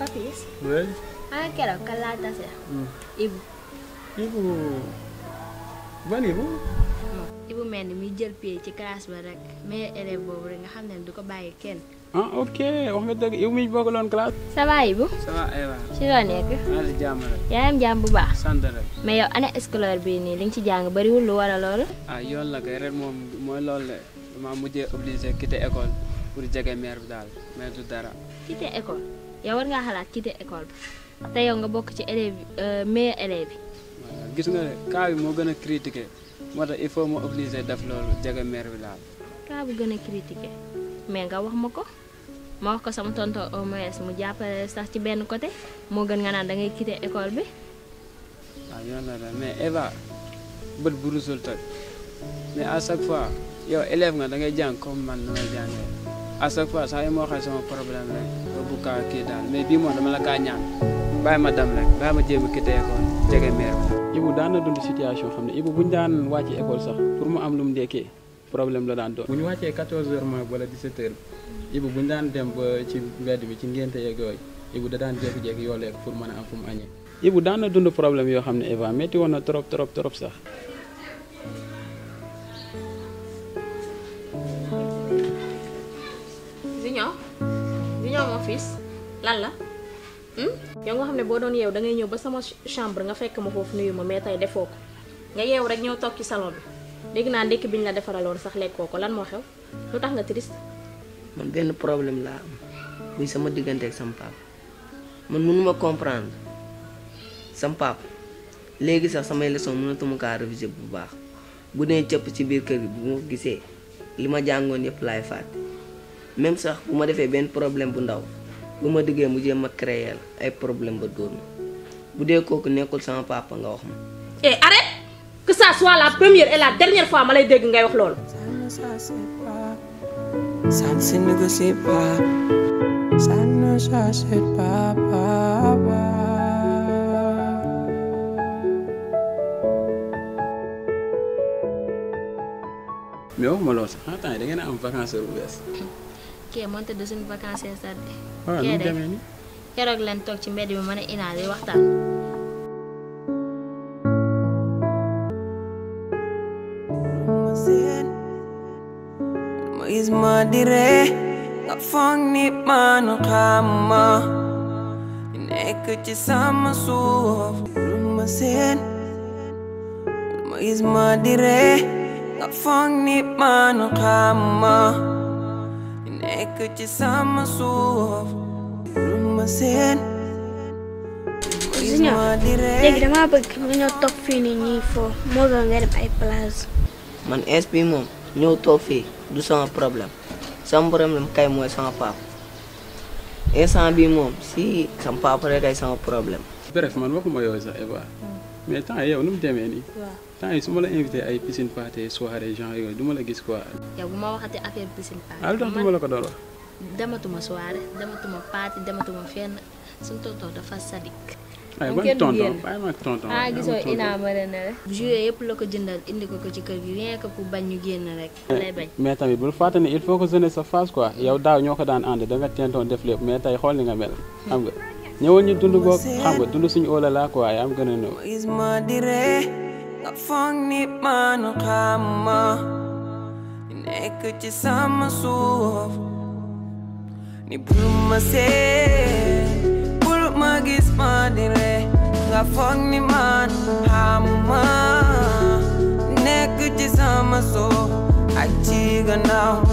Papis? Ouais. Ibu. Ibu. Ban ibu. Ibu mel ibu? Ibu jël ci kelas ba rek mais élève bobu rek nga du ko Ah oke, wax nga ibu mi bokalon classe. Ça ibu? Ça Eva. nek? Ma Ya am jamm bu baax. Sante rek. Mais yow bi ni ci jang bari wul lu Ah yoon la kay ren mom moy lool la. Dama mujjé pour jege maire bi daal mais du dara quitté école yow war ngaa xalaat quitté école bi te yow nga bok ci élève meilleur élève bi gis nga ka bi mo gëna critiquer critiqué moo il faut mo obligé def loolu jege maire bi dal ka bu gëna critiquer critiqué mais nga wax mako ko ma wax ko sama tonto au moins mu jappalé sax ci benn côté mo gën nga nan da ngay quitter école bi waaw yoon la mais Eva bëd bu résultat mais à chaque fois yow élève nga da ngay jang comme man no jangé à chaque fois saa yu ma waxee sama problème rek bu kaa kii daal mais bii moom dama la kaa ñaan bàyyi ma dam rek bàyyi ma jéem a kitee ko jege meer bi. daan na dund situation xam ne Ibou bu ñu daan wàcc école sax pour mu am lu mu ndekkee problème la daan doon. bu ñu wàccee 14h moom wala 17h Ibou bu ñu daan dem ba ci mbedd bi ci ngénte yeeg yooyu Ibou da daan jékki-jékki yoo lekk pour mën a am fu mu añee. Ibou daan dund problème yoo xam ne Eva métti woon na trop trop trop sax. Junior Junior mon fils lan la hmm? yow nga xam bo doon yeew da ngay ñew ba sama chambre nga fekk ma fofu nuyu ma mais tay defoko nga yew rek ñew tok ci salon bi dégg na ndekki biñ la won sax lekkoo koko lan mo xew lu tax nga triste man benn problème la am muy sama digënté ak sama papa man ma comprendre sama papa légui sax sama leçon mënatuma ka réviser bu baax bu né cëpp ci biir kër bi bu ma gisé lima jangone jàngoon lay faté même sax bu ma defee benn problème bu ndaw bu ma diggee mu jéem a créer ay problème ba dóor ma bu dee kooku nekkul sama papa nga wax ma. eh arrête que ça soit la première et la dernière fois ma lay dégg ngay wax loolu. Ça ne se négocie pas, ça ne s'achète pas, pas, pas. mais waxuma loolu sax attends yi da ngeen a am vacances bu bees. kee monte ah, de suñu vacances tardé. waaw nu mu demee ci mbedd bi mën a inaale waxtaan. gis ma di nga foog ni man xamma nekk ci sama suuf lu ma seen ma gis ma di nga foog ni man xamma nekk ci sama fii nii ñuy foo moo gën nga dem ay plage man es bi moom ñëw toog fii du sama problème sama problème kay mooy sama papa instant bi moom si sama papa rek ay sama problème bref man waxuma yooyu sax Eva mais temps yi yow nu mu demee nii. waaw temps yi su ma la invité ay piscine party soirée genre yooyu du ma la gis quoi. yow bu ma waxatee affaire piscine party. Ah, waaw lu tax du ma la ko doon wax. dematuma soirée dematuma party dematuma fenn suñu tonton dafa sadik. ay ban tonton ah, ay ma tonton ah gisoo rek. jouet yëpp la ko jëndal indi ko ko ci kër gi rien que pour bañ ñu génn rek. lay mais tamit bul fàtte ni il faut que jeunesse sa phase quoi mm. yow daaw ñoo ko daan ànd danga tentoon def lépp mais tey xool ni nga mel. xam nga. ñëwal ñu dund boog xam nga dund suñu óola laa quoi yaa am gën a néew. nga foog ni man xam ma nekk ci sama suuf ni bul ma seet bul ma gis ma dire nga foog ni man xam ma nekk ci sama suuf ak ci gannaaw